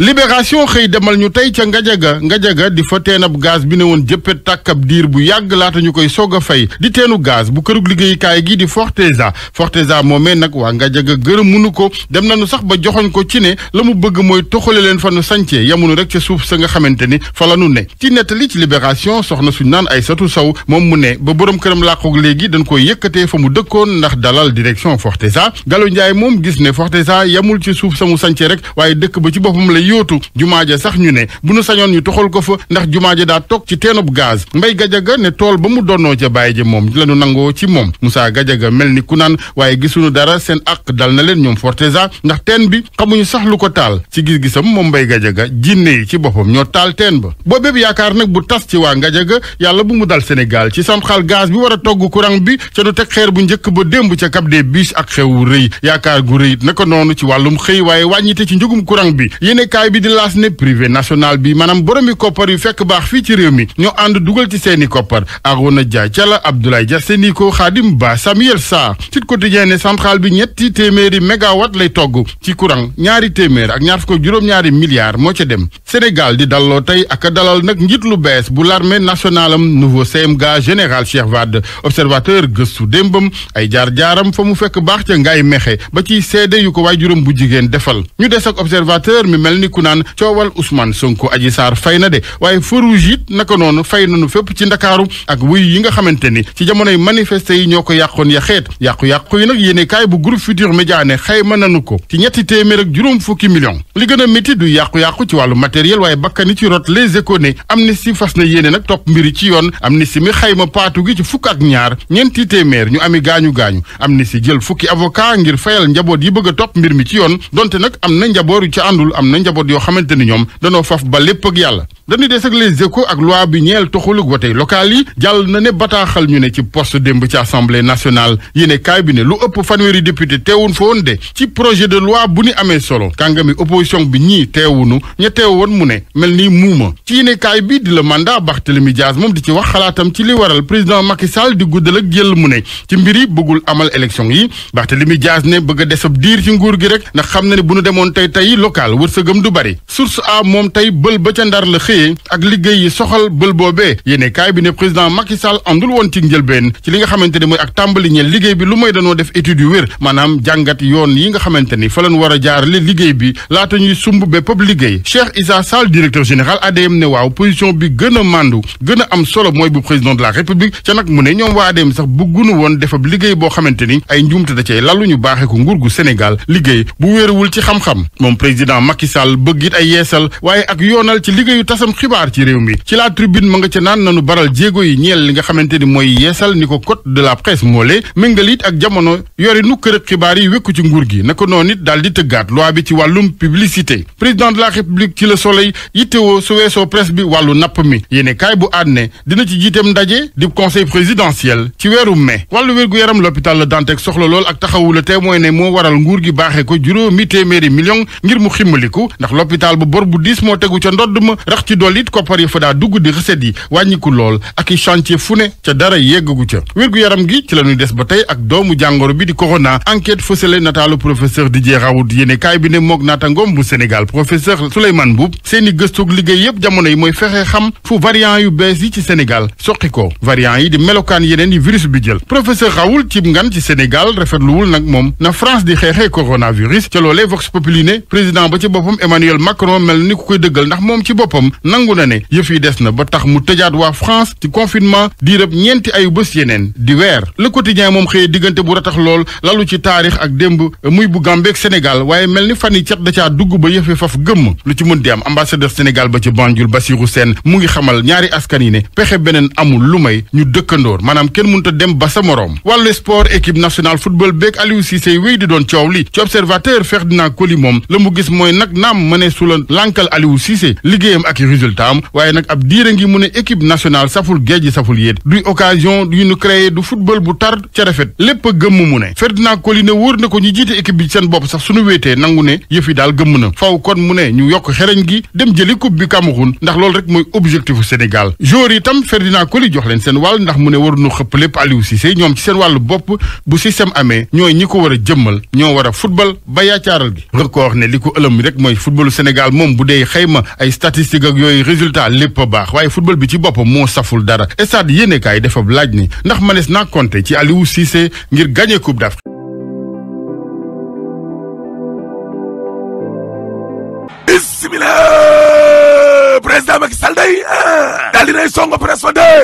libération xëy demal ñu tey ca ngajaga ngajaga di fa teenab gaz bi ne woon jëppet tàkkab diir bu yàgg laata ñu koy soog a fay di teenu gaz bu kërug liggéeykaay gi di Forteza Forteza moomee nag waa ngajaga gërëm munu ko dem na nañu sax ba joxoñ ko ci ne la mu bëgg mooy toxale leen fa nu sancee yamunu rek ca suuf sa nga xamante ni fa la nu ne ci nettali ci libération soxna suñ naan ay satu saw moom mu ne ba borom këram làqoog léegi dañ koy yëkkatee fa mu dëkkoon ndax dalal direction Forteza Gallo Ndiaye moom gis ne Forteza yamul ci suuf sa sancee rek waaye dëkk ba ci boppam la yóotu jumaa ja sax ñu ne bu nu sañoon ñu toxal ko fa ndax jumaa ja daa toog ci teenub gaz mbay gajaga ne tool ba mu donnoo ca bàyyi ja moom la ñu nangoo ci moom Moussa gajaga mel ni ku naan waaye gisuñu dara seen àq dal na leen ñoom Forteza ndax teen bi xamuñu sax lu ko taal ci gis-gisam moom mbay gajaga jinne yi ci boppam ñoo taal teen ba boobépp yaakaar nag bu tas ci waa gajaga yàlla bu mu dal Sénégal ci samxal gaz bi war a togg courant bi ca du teg xeer bu njëkk ba démb ca Cap des Biches ak xewu rëy yaakaar ci wàllum xëy waaye wàññite ci njëgum courant kaay bi di laas ne privé national bi maanaam boromi koppar yu fekk baax fii ci réew mi ñoo ànd dugal ci seeni koppar Arona Dia Cala Abdoulaye Dia Séniko Khadim Ba Samuel Sarr Sud Quotidien ne centrale bi ñetti téeméeri mégawatt lay togg ci courant ñaari téeméer ak ñaar fukk juróom-ñaari milliards moo ca dem Sénégal di dalloo tey ak dalal nag njiit lu bees bu l'armée nationale am nouveau CMGA général Cheikh Wade observateur gëstu démbam ay jaar-jaaram fa mu fekk baax ca ngay mexe ba ciy seede yu ko waajuram bu jigéen defal ñu des ak observateur mi mel ni ku naan coowal Ousmane Sonko Adji Sarr fay na de waaye feu rouge naka noonu fay nañu fépp ci ndakaaru ak wuyu yi nga xamante ni ci jamonoy manifesté yi ñoo ko yàqoon ya xeet yàqu-yàqu yi nag yéene kaay bu groupe Futurs Médias ne xayma nañu ko ci ñetti téeméer juróom fukki millions li gën a métti du yàqu-yàqu ci wàllu matériel waaye bakkani ci rot les échos ne Amnesty fas na yéene nag topp mbiri ci yoon am Amnesty mi xayma paatu gi ci fukk ak ñaar ñeenti téeméer ñu ami gaañu gaañu am si jël fukki avocat ngir fayal njaboot yi bëgg a topp mbir mi ci yoon donte nag am na njaboot ca àndul am na njaboot yoo xamante ni ñoom danoo faf ba lépp ak yàlla dañuy des ak les échos ak loi bi ñeel toxalug wote local yi jàll na ne bataaxal ñu ne ci poste démb ci assemblée nationale yéene kaay bi ne lu ëpp fanweeri député teewun fa woon de ci projet de loi bu ni amee solo kàngami opposition bi ñii teewunu ña teewoon mu ne mel ni muuma ci yéene kaay bi di la mandat Barthélémy Dias moom di ci wax xalaatam ci li waral président Macky di guddal jël mu a du bari source a moom tey bël ba ca ndar la xëyee ak liggéey yi soxal bël boobee yéene kaay bi ne président Macky Sall àndul woon ci njëlbeen ci li nga xamante ne mooy ak tàmbali ñeel liggéey bi lu may danoo def étude yu wér maanaam jàngat yoon yi nga xamante ni fa lañ war a jaarale liggéey bi laata ñuy sumb bépp liggéey Cheikh Issa Sall directeur général ADM ne waaw position bi gën a màndu gën a am solo mooy bu président de la république ca nag mu ne ñoom waa ADM sax bëggunu woon defab liggéey boo xamante ni ay njuumte da cay lalu ñu baaxee ko nguur gu Sénégal liggéey xam-xam moom président yeesal bëgg it ay yeesal waaye ak yoonal ci liggéeyu tasam xibaar ci réew mi ci la tribune ma nga ca naan nanu baral jéego yi ñeel li nga xamante ni mooy yeesal ni ko code de la presse moole méngal it ak jamono yori nu kër xibaar yi wékku ci nguur gi naka noonu it daal di tëggaat loi bi ci wàllum publicité président de la république ci le soleil yittewoo su weesoo presse bi wàllu napp mi yéene kaay bu àdne dina ci jiiteem ndaje di conseil présidentiel ci weeru mai wàllu gu yaram l'hôpital la Dantec soxla ko ndax l'hôpital bu bor bu diis moo tegu ca ndodd ma rax ci dolli it koppar yi fa daa dugg di recette yi wàññiku lool ak i chantier fu ne ca dara yeggagu ca wér yaram gi ci la ñuy des ba tey ak doomu jàngoro bi di corona enquête fësale nataalu professeur Didier Raoult yéene kaay bi ne moog naatangoom bu Sénégal professeur Souleymane Mboup seen i gëstoog liggéey yëpp jamono yi mooy fexe xam fu variant yu bees yi ci Sénégal soqi ko variant yi di melokaan yeneen bi jël professeur Raoult cib ngan ci Sénégal na France di Emmanuel Macron mel ni ku koy dëggal ndax moom ci boppam nangu na ne yëf des na ba tax mu tëjaat waa France ci confinement diirëb ñeenti ayu bés yeneen di weer le quotidien moom xëyee diggante bu ratax lool lalu ci taarix ak démb muy bu Gàmbeeg Sénégal waaye mel ni fan cat da caa dugg ba yëfe faf gëmm lu ci mën di am ambassadeur Sénégal ba ci Banjul Bassirou Sène mu ngi xamal ñaari askan yi ne pexe beneen amul lu may ñu dëkkandoor maanaam kenn a naam mëne su la aliwu Aliou Cissé liggéeyam ak résultat am waaye nag ab diire ngi mu ne équipe nationale saful géej saful yéet duy occasion yu ñu créé du football bu tar ca rafet lépp a gëmm mu ne Ferdinand Coly ne wóor na ko ñu jiite équipe bi seen bopp sax suñu wéetee nangu ne yëf yi daal gëmm na faw kon mu ne ñu yokk xereñ gi dem jëli coupe bi Cameroun ndax loolu rek mooy objectifu Sénégal joueur itam Ferdinand Coly jox leen seen wàll ndax mu ne waruñu xëpp lépp Aliou Cissé ñoom ci seen wàllu bopp bu système amee ñooy ñi ko war a jëmmal ñoo war a football ba yaacaaral gi record ne li ko ëlëm rek mooy footballu Sénégal moom bu dee xayma ay statistiques ak yooyu résultat lépp a baax waaye football bi ci boppam moo saful dara stade yéenekaay dafa laaj ni ndax mënees naa compter ci Aliou Cissé ngir gagner Coupe d'Afrique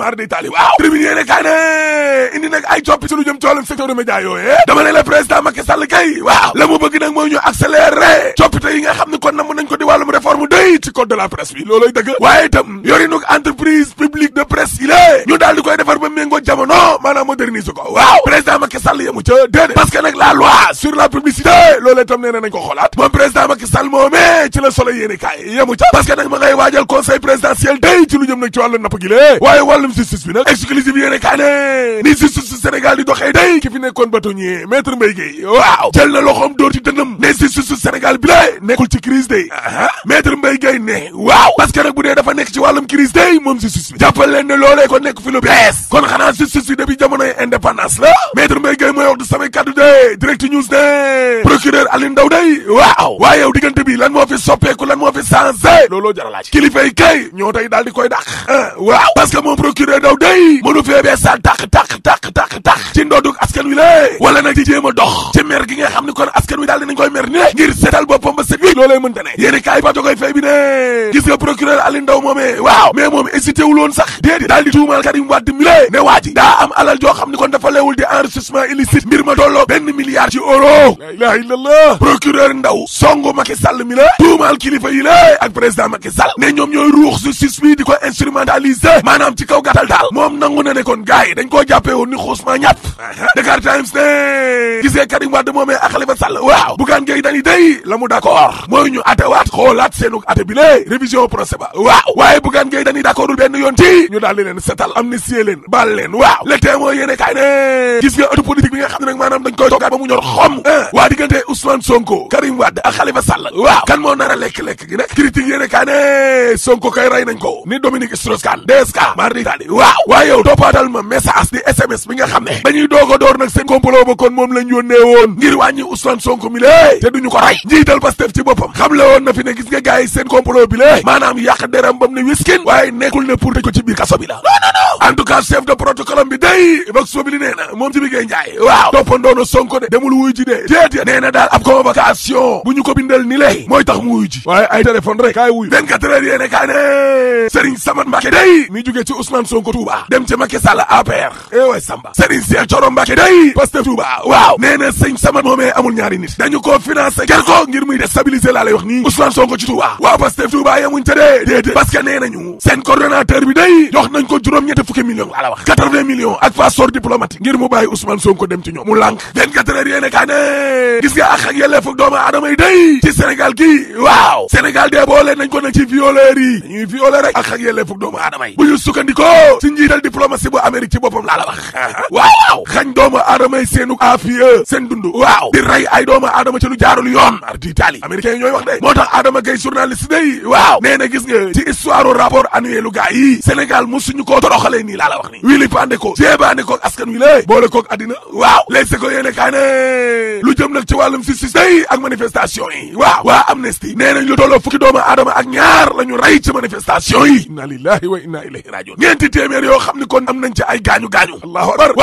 maar day taali waaw tribune yéene kaay ne ay coppi ci jëm ci wàllum secteur de média yooyee dama la président Macky Sall kay waaw la mu bëgg nag mooy ñu accéléré coppite yi nga xam ne kon namm nañ ko di wàllum réforme day ci code de la presse bi looloy dëgg waaye itam yori nag entreprise publique de presse yi ñu daal di koy defar ba méngoo jamono maanaam moderniser ko waaw président Macky Sall yemu ca la loi sur la publicité loolee ca parce nag ma ngay waajal wàllum justice bi nag exclusive yéene kaane ni Sénégal di doxee day ki fi nekkoon bâtonnier maître Mbaye Guèye waaw jël na loxoom dóor ci dëndam ne justice su Sénégal bi nekkul ci crise day maître Mbaye Guèye ne waaw parce que bu dee dafa nekk ci wàllum crise day moom justice bi jàppal leen ne loolee kon nekk fi lu bees kon xanaa justice bi depuis jamonoy indépendance la maître Mbaye Guèye mooy wax du samay kaddu de direct news ne procureur Alioune Ndao day waaw waaye di koy dàq ah, Touré daw day mënu fee bee sal tax tax tax tax tax ci ndoodug askan wi lée wala nag di jéem a dox ci mer gi nga xam ni kon askan wi daal dinañ koy mer ni le ngir seetal boppam ba set wi loolee mënta ne yéeni kaay ba jogoy fay bi ne gis nga procureur Aliou Ndao moomee waaw mais moom hésité wul woon sax déedéet daal di tuumaal Karim Wade mi ne waa daa am alal joo xam ni kon dafa leewul di enrichissement illicite mbir ma tolloo benn milliard ci euro la ilaha illallah procureur Ndao gàttaw gàttal daal moom nangu na ne kon gars yi dañ koo jàppee woon ni xuus ma ñàpp Dakar Times ne gisee Karim Wade moomee Sall waaw Bougane Gueye Dany day la mu d'accord mooy ñu ate waat xoolaat seenu ate bi lée révision procès ba waaw waaye Bougane Gueye Dany d'accordul benn yoon ci ñu daal di leen setal amnistier leen baal leen waaw le témoin yéene kaay ne gis nga ëttu politique bi nga xam ne nag maanaam dañ koy toogaat ba mu ñor xom waa diggante Ousmane Sonko Karim Wade ak Khalifa Sall waaw kan moo nar a lekk-lekk gi nag critique yéene Sonko kay rey nañ ko ni Dominique strauss a Ousmane Sonko mi lée te duñu ko rey njiital Pastef ci boppam xam la woon na fi ne gis nga gars seen complot bi maanaam yàq deram bam ne wiskin waaye nekkul ne pour ko ci biir kaso bi la non non non en de protocole bi day vox populi na moom ci biggee njaay waaw toppandoona Sonko de demul wuy ji de déet nee na daal ab convocation bu ñu ko bindal ni lay mooy tax mu wuy ji waaye ay téléphone rek kaay wuy 24 heures yéene kaay ne Serigne Samad Mbacke day mi jógee ci Ousmane Sonko Touba dem ci Macky Sall APR eh way ñaari nit dañu koo financé jar ko ngir muy déstabiliser laa lay wax nii Ousmane ci Touba waaw Pastef Touba yemuñ te dee déedéet nee nañu seen coordonnateur bi day jox nañ ko juróom-ñetti fukki millions laa la wax 80 millions ak passeport diplomatique ngir mu bàyyi Ousmane Sonko dem ci ñoom mu lànk 24 heures yéene kaa gis nga ak ak yelleefu doomu aadama yi day ci Sénégal gi waaw Sénégal dee boole nañ ko nag ci violeurs yi dañuy violer rek ak ak yelleefu doomu aadama yi bu ñu sukkandikoo ci njiital diplomatie bu Amérique ci boppam laa la wax waaw xañ doomu dund waaw ay doomu aadama ci lu jaarul yoon ar di taali américains yi ñooy wax de moo tax Adama Gaye journaliste day waaw nee na gis nga ci histoire rapport annuel lu gars yi Sénégal mosuñu koo toroxalee nii la wax nii wii li pande ko jéebaane koog askan wi boole koog addina waaw léegi ko yéene kaa lu jëm nag ci wàllum justice day ak manifestation yi waaw waa amnesty nee lu tolloo fukki doomu aadama ak ñaar la ñu ci manifestation yi inna lillahi wa inna ilayhi rajiun ñeenti yoo xam ni kon am nañ ci ay gaañu gaañu allahu akbar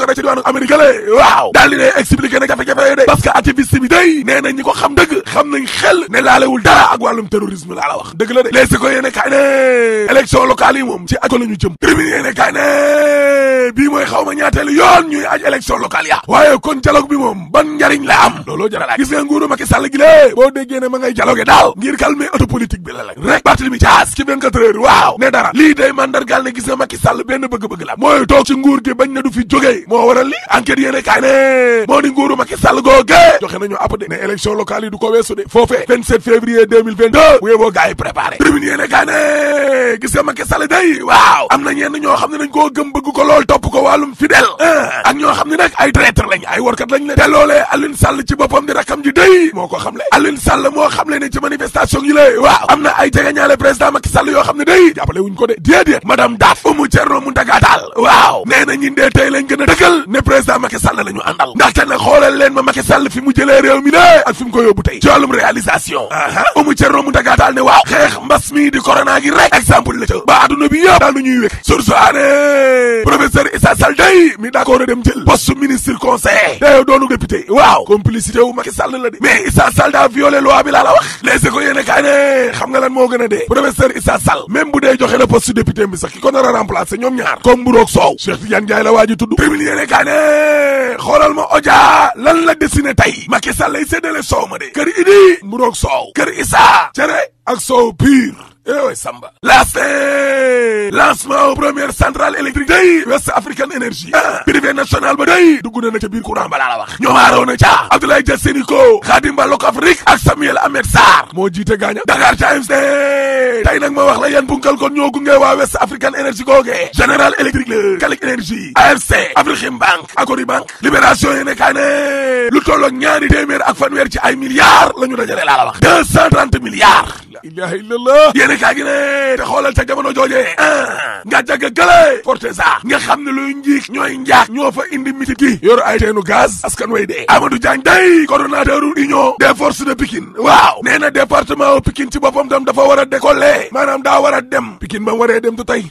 ko da ca diwaanu Amérique la waaw daal di ne expliqué na jafe-jafe yooyu de parce que activiste bi day nee na ñi ko xam dëgg xam nañ xel ne laalewul dara ak wàllum terrorisme la wax dëgg la de les si ko yéene kaay ne élection locale yi moom ci ajo la ñu jëm tribune yéene kaay ne bii mooy xaw ma ñaateelu yoon ñuy aj élection locale ya waaye kon dialogue bi moom ban la am looloo jaralaaj gis nga nguuru Macky Sall gi lée boo déggee ne ma ngay dialogue daal ngir calmer auto politique la la rek Barthélémy Dias ci 24 heures waaw ne dara na day moo waral li enquête yéene kaay ne moo di nguuru Macky Sall googe joxe nañu app de ne élection locale du ko weesu de foofee 27 février 2022 bu yeboo gars yi préparé tribune yéene kaay ne gis nga Macky day waaw am na ñenn ñoo xam ne dañ koo gëm ko lool topp ko wàllum fidèle ah. ak ñoo xam ne nag ay traître lañ ay warkat lañ ne te loolee Alioune Sall ci boppam di rakam ji day moo ko xam le Alioune Sall moo xam le ne ci manifestation yi lay waaw am na ay jegeñaale président Macky Sall yoo xam ne day jàppale wuñ ko de déedéet madame Daaf umu Thierno Mountaga Tall waaw nee na ñun dee tey lañ gën a dëggal ne président Macky Sall la ñu àndal ndaxte nag xoolal leen ma Macky Sall fi mu jëlee réew mi de ak fi ko yóbbu day mi d'accord dem jël poste ministre conseiller te eh, yow doonu député waaw complicité wu Macky Sall la de mais Issa Sall daa violé loi bi la wax les écoles yéen a kaay ne xam nga lan moo gën a dee professeur Issa Sall même bu dee joxe na poste député bi sax ki ko nar a remplacer ñoom ñaar comme bu roog soow Cheikh Tidiane Ndiaye la waa ji tudd tribune yéen ne xoolal ma oja lan la dessiné tey Macky Sall lay séddale soow ma de kër Idi mburoog soow kër Issa cere ak soow pur éwooy samba laas lancement première centrale électrique day West African Energy ah! privé national ba day dugg na na ca biir courant ba laa la wax ñoomaaroo ca Abdoulaye Dia Khadim Ba Lok Afrique ak Samuel Ahmed Sarr moo jiite gaaña Dakar Times de tey nag ma wax la yan kon ñoo gunge waa West African Energy googee General Electric la Kalek Energy AFC Afrique Bank Agribank Libération yéene kaa ne lu tolloog ñaari téeméer ak fanweer ci ay milliards la ñu dajale la wax kaay gi ne te xoolal ca jamono joojee a ah, ga jagga gële Forteza nga xam ne luy njiig ñooy njaax ñoo fa indi miti gi yor ay teenu gaz askan way de Amadou Diagne day coordonnateur union des forces de Pikine waaw nee na département u Pikine ci boppam tam dafa war a décoller maanaam daa war a dem Pikine ba waree dem du tey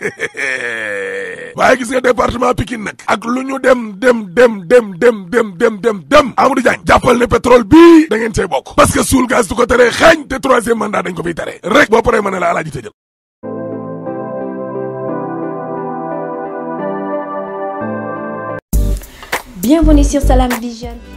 waaye gis nga département Pikine nag ak lu ñu dem dem dem dem dem dem dem dem dem Amadou Diagne jàppal ne pétrole bii da ngeen cey bokk parce que suul gaz du ko tere te troisième mandat tere rek boo paree ma ne la alaaji tëjal Bienvenue sur Salam Vision.